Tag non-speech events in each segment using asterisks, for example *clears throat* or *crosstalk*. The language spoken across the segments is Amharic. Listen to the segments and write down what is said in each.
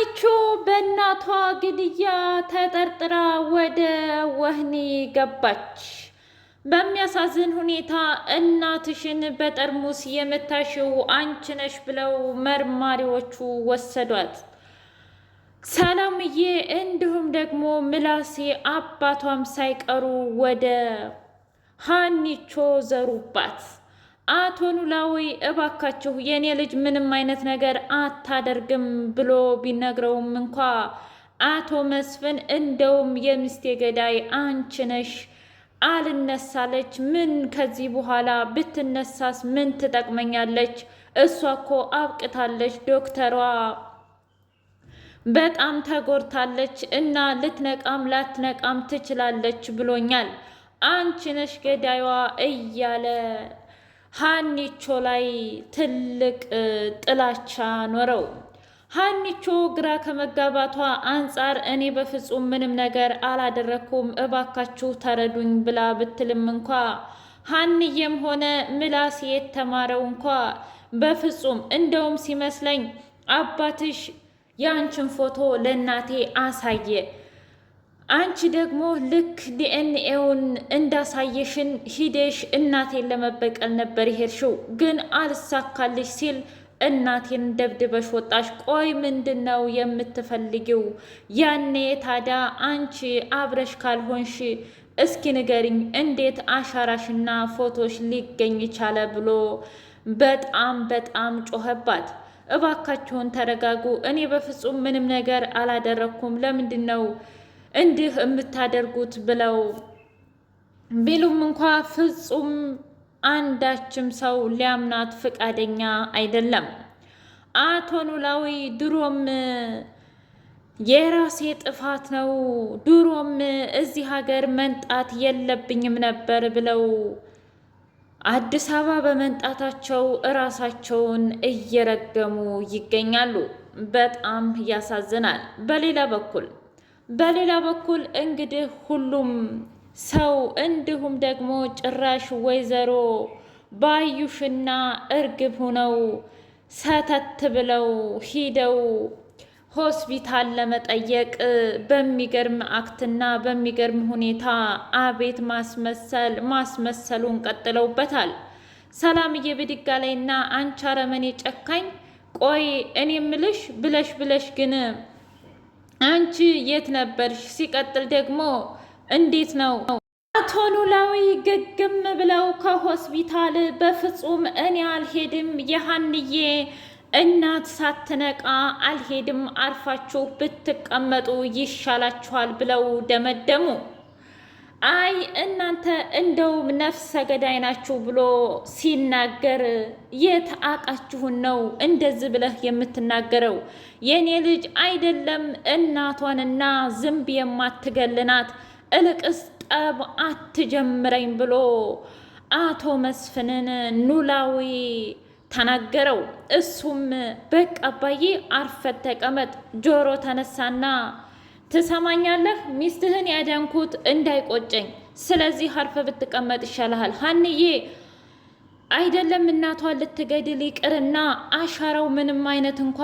ዳኒቾ በእናቷ ግድያ ተጠርጥራ ወደ ወህኒ ገባች። በሚያሳዝን ሁኔታ እናትሽን በጠርሙስ የምታሽው አንቺ ነሽ ብለው መርማሪዎቹ ወሰዷት። ሰላምዬ እንዲሁም ደግሞ ምላሴ አባቷም ሳይቀሩ ወደ ሀኒቾ ዘሩባት። አቶ ኖላዊ እባካችሁ የእኔ ልጅ ምንም አይነት ነገር አታደርግም ብሎ ቢነግረውም እንኳ አቶ መስፍን እንደውም የሚስቴ ገዳይ አንቺ ነሽ አልነሳለች ምን ከዚህ በኋላ ብትነሳስ ምን ትጠቅመኛለች? እሷ እኮ አብቅታለች። ዶክተሯ በጣም ተጎድታለች እና ልትነቃም ላትነቃም ትችላለች ብሎኛል። አንቺ ነሽ ገዳይዋ እያለ ሀኒቾ ላይ ትልቅ ጥላቻ ኖረው ሀኒቾ ግራ ከመጋባቷ አንጻር እኔ በፍጹም ምንም ነገር አላደረኩም እባካችሁ ተረዱኝ ብላ ብትልም እንኳ ሀንዬም ሆነ ምላስ የተማረው እንኳ በፍጹም እንደውም ሲመስለኝ አባትሽ የአንችን ፎቶ ለእናቴ አሳየ አንቺ ደግሞ ልክ ዲኤንኤውን እንዳሳየሽን ሂደሽ እናቴን ለመበቀል ነበር ይሄድሽው፣ ግን አልሳካልሽ ሲል እናቴን ደብድበሽ ወጣሽ። ቆይ ምንድን ነው የምትፈልጊው? ያኔ ታዲያ አንቺ አብረሽ ካልሆንሽ እስኪ ንገሪኝ እንዴት አሻራሽና ፎቶሽ ሊገኝ ቻለ? ብሎ በጣም በጣም ጮኸባት። እባካችሁን ተረጋጉ፣ እኔ በፍጹም ምንም ነገር አላደረግኩም። ለምንድን ነው እንዲህ የምታደርጉት ብለው ቢሉም እንኳ ፍጹም አንዳችም ሰው ሊያምናት ፈቃደኛ አይደለም። አቶ ኖላዊ ድሮም የራሴ ጥፋት ነው፣ ድሮም እዚህ ሀገር መንጣት የለብኝም ነበር ብለው አዲስ አበባ በመንጣታቸው እራሳቸውን እየረገሙ ይገኛሉ። በጣም ያሳዝናል። በሌላ በኩል በሌላ በኩል እንግዲህ ሁሉም ሰው እንዲሁም ደግሞ ጭራሽ ወይዘሮ ባዩሽና እርግብ ሆነው ሰተት ብለው ሂደው ሆስፒታል ለመጠየቅ በሚገርም አክትና በሚገርም ሁኔታ አቤት ማስመሰል ማስመሰሉን ቀጥለውበታል። ሰላምዬ ብድጋ ላይ እና አንቺ አረመኔ ጨካኝ፣ ቆይ እኔ ምልሽ ብለሽ ብለሽ ግን አንቺ የት ነበርሽ? ሲቀጥል ደግሞ እንዴት ነው አቶ ኖላዊ ግግም ብለው ከሆስፒታል በፍጹም እኔ አልሄድም፣ የሀንዬ እናት ሳትነቃ አልሄድም፣ አርፋችሁ ብትቀመጡ ይሻላችኋል ብለው ደመደሙ። አይ እናንተ እንደውም ነፍሰ ገዳይ ናችሁ ብሎ ሲናገር የት አቃችሁን ነው እንደዚህ ብለህ የምትናገረው? የእኔ ልጅ አይደለም እናቷንና ዝንብ የማትገልናት እልቅስ ጠብ አትጀምረኝ ብሎ አቶ መስፍንን ኖላዊ ተናገረው። እሱም በቃ አባዬ አርፈት ተቀመጥ ጆሮ ተነሳና ትሰማኛለህ? ሚስትህን ያዳንኩት እንዳይቆጨኝ። ስለዚህ አርፈ ብትቀመጥ ይሻልሃል ሀንዬ አይደለም እናቷ ልትገድል ይቅርና አሻራው ምንም አይነት እንኳ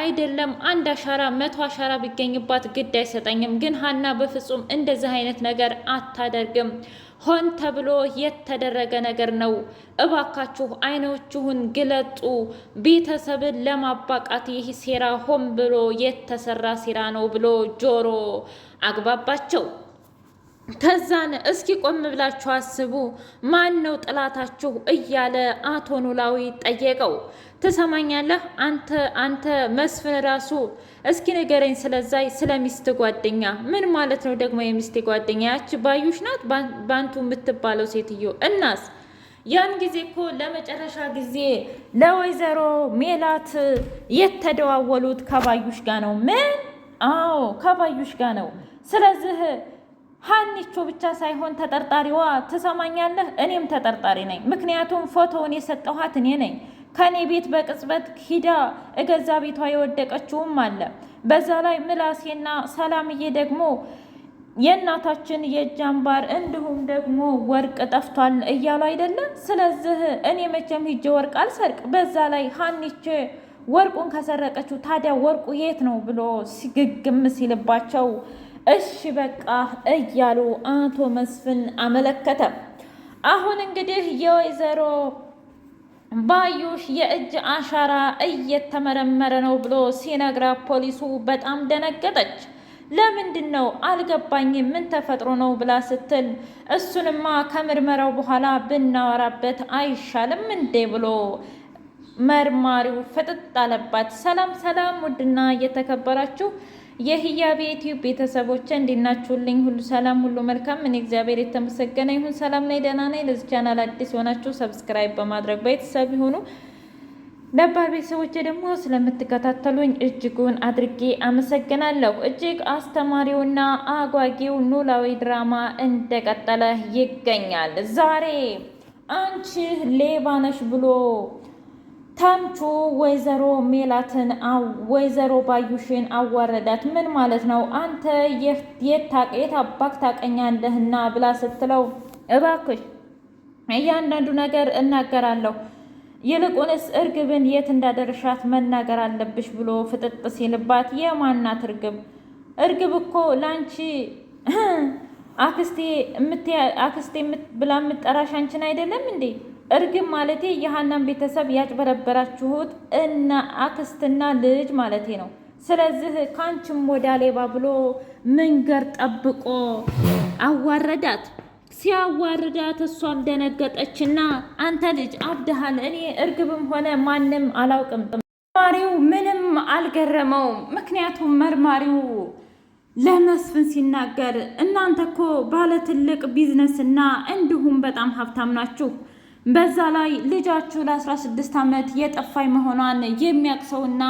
አይደለም አንድ አሻራ መቶ አሻራ ቢገኝባት ግድ አይሰጠኝም። ግን ሀና በፍጹም እንደዚህ አይነት ነገር አታደርግም። ሆን ተብሎ የተደረገ ነገር ነው። እባካችሁ አይኖችሁን ግለጡ። ቤተሰብን ለማባቃት ይህ ሴራ ሆን ብሎ የተሰራ ሴራ ነው ብሎ ጆሮ አግባባቸው። ከዛን እስኪ ቆም ብላችሁ አስቡ፣ ማን ነው ጥላታችሁ? እያለ አቶ ኖላዊ ጠየቀው። ትሰማኛለህ አንተ አንተ መስፍን ራሱ እስኪ ንገረኝ፣ ስለዛይ ስለ ሚስት ጓደኛ። ምን ማለት ነው ደግሞ የሚስት ጓደኛ? ያች ባዩሽ ናት ባንቱ የምትባለው ሴትዮ። እናስ ያን ጊዜ እኮ ለመጨረሻ ጊዜ ለወይዘሮ ሜላት የተደዋወሉት ከባዩሽ ጋ ነው። ምን? አዎ ከባዩሽ ጋ ነው። ስለዚህ ሀኒቾ ብቻ ሳይሆን ተጠርጣሪዋ ትሰማኛለህ፣ እኔም ተጠርጣሪ ነኝ። ምክንያቱም ፎቶውን የሰጠኋት እኔ ነኝ። ከኔ ቤት በቅጽበት ሂዳ እገዛ ቤቷ የወደቀችውም አለ። በዛ ላይ ምላሴና ሰላምዬ ደግሞ የእናታችን የእጅ አምባር እንዲሁም ደግሞ ወርቅ ጠፍቷል እያሉ አይደለም። ስለዚህ እኔ መቼም ሂጄ ወርቅ አልሰርቅ። በዛ ላይ ሀኒቼ ወርቁን ከሰረቀችው ታዲያ ወርቁ የት ነው ብሎ ሲግግም ሲልባቸው እሺ በቃ እያሉ አቶ መስፍን አመለከተ። አሁን እንግዲህ የወይዘሮ ባዩሽ የእጅ አሻራ እየተመረመረ ነው ብሎ ሲነግራ ፖሊሱ በጣም ደነገጠች። ለምንድን ነው አልገባኝም፣ ምን ተፈጥሮ ነው ብላ ስትል እሱንማ ከምርመራው በኋላ ብናወራበት አይሻልም እንዴ ብሎ መርማሪው ፍጥጥ አለባት። ሰላም ሰላም! ውድና እየተከበራችሁ የህያ ዩቲዩብ ቤተሰቦች እንዲናችሁልኝ ሁሉ ሰላም፣ ሁሉ መልካም። እኔ እግዚአብሔር የተመሰገነ ይሁን ሰላም ላይ ደህና ነኝ። ለዚህ ቻናል አዲስ የሆናችሁ ሰብስክራይብ በማድረግ ቤተሰብ ይሁኑ። ነባር ቤተሰቦች ደግሞ ስለምትከታተሉኝ እጅጉን አድርጌ አመሰግናለሁ። እጅግ አስተማሪውና አጓጊው ኖላዊ ድራማ እንደቀጠለ ይገኛል። ዛሬ አንቺ ሌባ ነሽ ብሎ ተምቹ ወይዘሮ ሜላትን ወይዘሮ ባዩሽን አዋረዳት። ምን ማለት ነው? አንተ የት አባክ ታቀኛለህና ብላ ስትለው እባክሽ እያንዳንዱ ነገር እናገራለሁ ይልቁንስ እርግብን የት እንዳደረሻት መናገር አለብሽ ብሎ ፍጥጥ ሲልባት የማናት እርግብ? እርግብ እኮ ለአንቺ *clears throat* አክስቴ ብላ የምጠራሽ አንቺን አይደለም እንዴ? እርግብ ማለቴ የሀናን ቤተሰብ ያጭበረበራችሁት እና አክስትና ልጅ ማለቴ ነው። ስለዚህ ከአንቺም ወዳ ሌባ ብሎ መንገር ጠብቆ አዋረዳት። ሲያዋርዳት እሷም ደነገጠችና አንተ ልጅ አብድሃል፣ እኔ እርግብም ሆነ ማንም አላውቅም። መርማሪው ምንም አልገረመውም። ምክንያቱም መርማሪው ለመስፍን ሲናገር እናንተ እኮ ባለ ትልቅ ቢዝነስና እንዲሁም በጣም ሀብታም ናችሁ በዛ ላይ ልጃችሁ ለ16 ዓመት የጠፋኝ መሆኗን የሚያውቅ ሰውና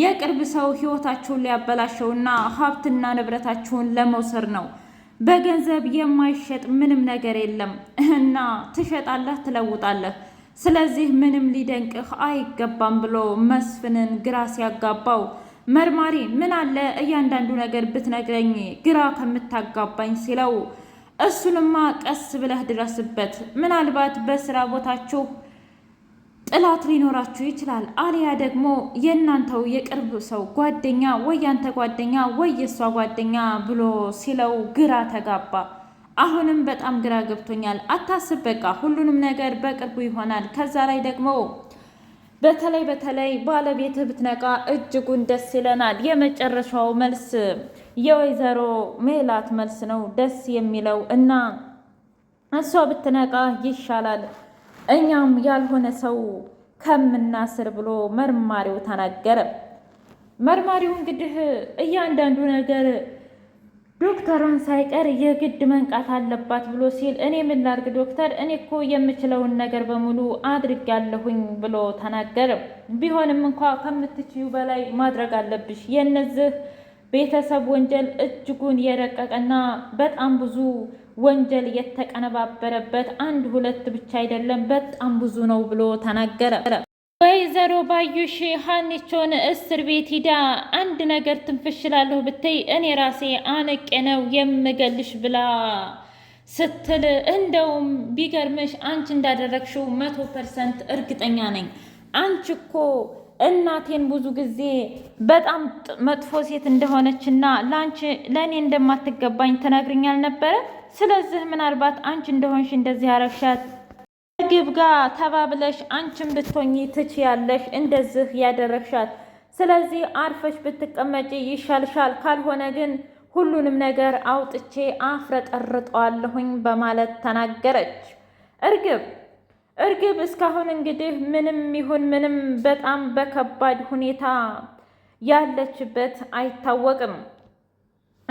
የቅርብ ሰው ህይወታችሁን ሊያበላሸውና ሀብትና ንብረታችሁን ለመውሰድ ነው። በገንዘብ የማይሸጥ ምንም ነገር የለም እና ትሸጣለህ፣ ትለውጣለህ። ስለዚህ ምንም ሊደንቅህ አይገባም ብሎ መስፍንን ግራ ሲያጋባው መርማሪ ምን አለ እያንዳንዱ ነገር ብትነግረኝ ግራ ከምታጋባኝ ሲለው እሱንማ ቀስ ብለህ ድረስበት። ምናልባት በስራ ቦታችሁ ጥላት ሊኖራችሁ ይችላል። አሊያ ደግሞ የእናንተው የቅርብ ሰው ጓደኛ ወይ ያንተ ጓደኛ ወይ የእሷ ጓደኛ ብሎ ሲለው ግራ ተጋባ። አሁንም በጣም ግራ ገብቶኛል። አታስብ፣ በቃ ሁሉንም ነገር በቅርቡ ይሆናል። ከዛ ላይ ደግሞ በተለይ በተለይ ባለቤትህ ብትነቃ እጅጉን ደስ ይለናል። የመጨረሻው መልስ የወይዘሮ ሜላት መልስ ነው ደስ የሚለው እና እሷ ብትነቃ ይሻላል እኛም ያልሆነ ሰው ከምናስር ብሎ መርማሪው ተናገረ። መርማሪው እንግዲህ እያንዳንዱ ነገር ዶክተሯን ሳይቀር የግድ መንቃት አለባት ብሎ ሲል እኔ ምን ላድርግ ዶክተር፣ እኔ እኮ የምችለውን ነገር በሙሉ አድርጊያለሁኝ ብሎ ተናገረ። ቢሆንም እንኳ ከምትችዩ በላይ ማድረግ አለብሽ የእነዚህ ቤተሰብ ወንጀል እጅጉን የረቀቀና በጣም ብዙ ወንጀል የተቀነባበረበት አንድ ሁለት ብቻ አይደለም፣ በጣም ብዙ ነው ብሎ ተናገረ። ወይዘሮ ባዩሽ ሀኒቾን እስር ቤት ሂዳ አንድ ነገር ትንፍሽላለሁ ብትይ እኔ ራሴ አነቄ ነው የምገልሽ ብላ ስትል እንደውም ቢገርምሽ አንቺ እንዳደረግሽው መቶ ፐርሰንት እርግጠኛ ነኝ አንቺ እኮ እናቴን ብዙ ጊዜ በጣም መጥፎ ሴት እንደሆነችና ለአንቺ ለእኔ እንደማትገባኝ ትነግርኛል ነበረ። ስለዚህ ምናልባት አንቺ እንደሆንሽ እንደዚህ ያረግሻት እርግብ ጋር ተባብለሽ አንቺን ብትሆኚ ትችያለሽ እንደዚህ ያደረግሻት። ስለዚህ አርፈሽ ብትቀመጪ ይሻልሻል። ካልሆነ ግን ሁሉንም ነገር አውጥቼ አፍረጠርጠዋለሁኝ በማለት ተናገረች እርግብ እርግብ እስካሁን እንግዲህ ምንም ይሁን ምንም በጣም በከባድ ሁኔታ ያለችበት አይታወቅም።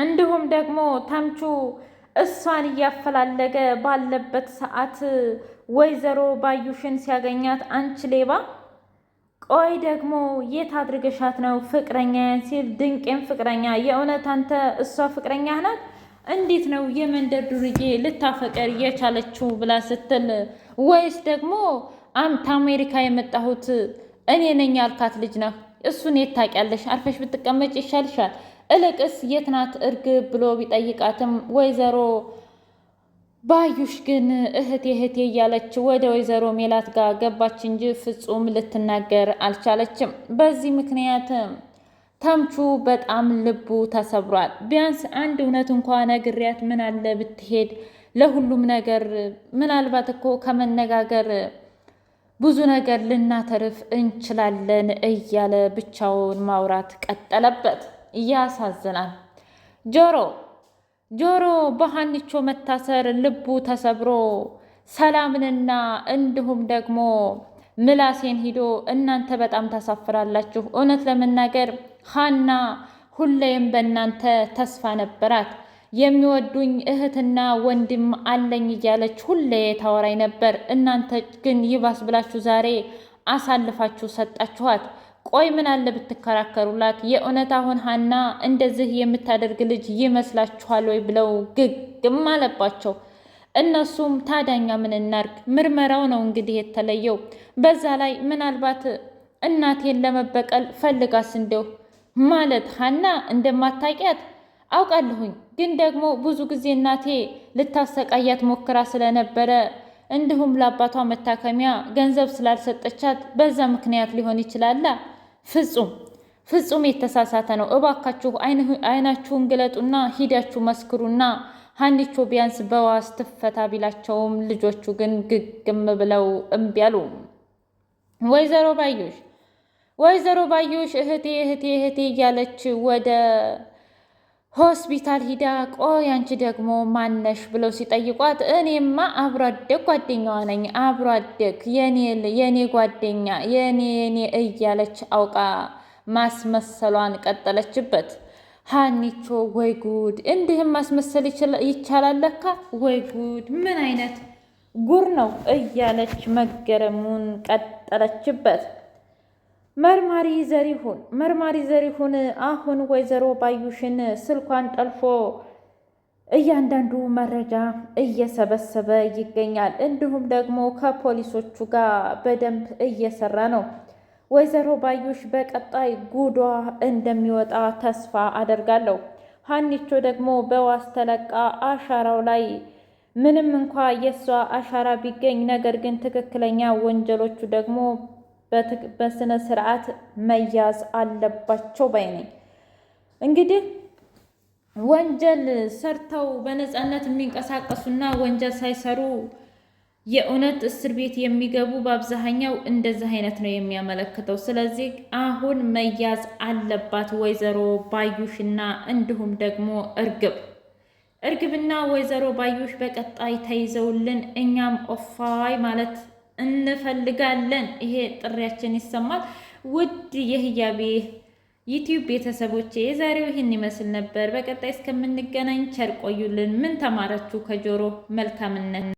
እንዲሁም ደግሞ ተምቹ እሷን እያፈላለገ ባለበት ሰዓት ወይዘሮ ባዩሽን ሲያገኛት አንቺ ሌባ፣ ቆይ ደግሞ የት አድርገሻት ነው ፍቅረኛ ሲል ድንቄም ፍቅረኛ የእውነት አንተ እሷ ፍቅረኛ ናት እንዴት ነው የመንደር ዱርዬ ልታፈቀር የቻለችው ብላ ስትል፣ ወይስ ደግሞ አንተ አሜሪካ የመጣሁት እኔ ነኝ ያልካት ልጅ ነህ? እሱን የት ታውቂያለሽ? አርፈሽ ብትቀመጭ ይሻልሻል። እልቅስ የት ናት እርግብ ብሎ ቢጠይቃትም ወይዘሮ ባዩሽ ግን እህቴ እህቴ እያለች ወደ ወይዘሮ ሜላት ጋር ገባች እንጂ ፍጹም ልትናገር አልቻለችም። በዚህ ምክንያት ተምቹ በጣም ልቡ ተሰብሯል። ቢያንስ አንድ እውነት እንኳ ነግሪያት ምን አለ ብትሄድ ለሁሉም ነገር ምናልባት እኮ ከመነጋገር ብዙ ነገር ልናተርፍ እንችላለን እያለ ብቻውን ማውራት ቀጠለበት። ያሳዝናል። ጆሮ ጆሮ በሀኒቾ መታሰር ልቡ ተሰብሮ ሰላምንና እንዲሁም ደግሞ ምላሴን ሂዶ እናንተ በጣም ታሳፍራላችሁ እውነት ለመናገር ሃና ሁሌም በእናንተ ተስፋ ነበራት። የሚወዱኝ እህትና ወንድም አለኝ እያለች ሁሌ ታወራኝ ነበር። እናንተ ግን ይባስ ብላችሁ ዛሬ አሳልፋችሁ ሰጣችኋት። ቆይ ምን አለ ብትከራከሩላት። የእውነት አሁን ሃና እንደዚህ የምታደርግ ልጅ ይመስላችኋል ወይ ብለው ግግም አለባቸው። እነሱም ታዳኛ ምን እናርግ፣ ምርመራው ነው እንግዲህ የተለየው። በዛ ላይ ምናልባት እናቴን ለመበቀል ፈልጋስ እንደው ማለት ሀና እንደማታውቂያት አውቃለሁኝ፣ ግን ደግሞ ብዙ ጊዜ እናቴ ልታሰቃያት ሞክራ ስለነበረ እንዲሁም ለአባቷ መታከሚያ ገንዘብ ስላልሰጠቻት በዛ ምክንያት ሊሆን ይችላላ። ፍጹም ፍጹም የተሳሳተ ነው። እባካችሁ አይናችሁን ግለጡና ሂዳችሁ መስክሩና ሀኒቾ ቢያንስ በዋስ ትፈታ ቢላቸውም ልጆቹ ግን ግግም ብለው እምቢ አሉ። ወይዘሮ ባዮሽ ወይዘሮ ባዮሽ እህቴ እህቴ እህቴ እያለች ወደ ሆስፒታል ሂዳ ቆይ አንቺ ደግሞ ማነሽ ብለው ሲጠይቋት እኔማ አብሮ አደግ ጓደኛዋ ነኝ አብሮ አደግ የኔ ጓደኛ የኔ የኔ እያለች አውቃ ማስመሰሏን ቀጠለችበት። ሀኒቾ ወይ ጉድ! እንዲህም ማስመሰል ይቻላል ለካ! ወይ ጉድ! ምን አይነት ጉር ነው እያለች መገረሙን ቀጠለችበት። መርማሪ ዘሪሁን መርማሪ ዘሪሁን አሁን ወይዘሮ ባዩሽን ስልኳን ጠልፎ እያንዳንዱ መረጃ እየሰበሰበ ይገኛል። እንዲሁም ደግሞ ከፖሊሶቹ ጋር በደንብ እየሰራ ነው። ወይዘሮ ባዩሽ በቀጣይ ጉዷ እንደሚወጣ ተስፋ አደርጋለሁ። ሀኒቾ ደግሞ በዋስ ተለቃ አሻራው ላይ ምንም እንኳ የእሷ አሻራ ቢገኝ ነገር ግን ትክክለኛ ወንጀሎቹ ደግሞ በስነ ስርዓት መያዝ አለባቸው ባይ ነኝ። እንግዲህ ወንጀል ሰርተው በነፃነት የሚንቀሳቀሱና ወንጀል ሳይሰሩ የእውነት እስር ቤት የሚገቡ በአብዛኛው እንደዚህ አይነት ነው የሚያመለክተው። ስለዚህ አሁን መያዝ አለባት ወይዘሮ ባዩሽና እንዲሁም ደግሞ እርግብ እርግብና ወይዘሮ ባዩሽ በቀጣይ ተይዘውልን እኛም ኦፋይ ማለት እንፈልጋለን። ይሄ ጥሪያችን ይሰማል። ውድ የህያቤ ዩቲዩብ ቤተሰቦቼ የዛሬው ይህን ይመስል ነበር። በቀጣይ እስከምንገናኝ ቸር ቆዩልን። ምን ተማራችሁ? ከጆሮ መልካምነት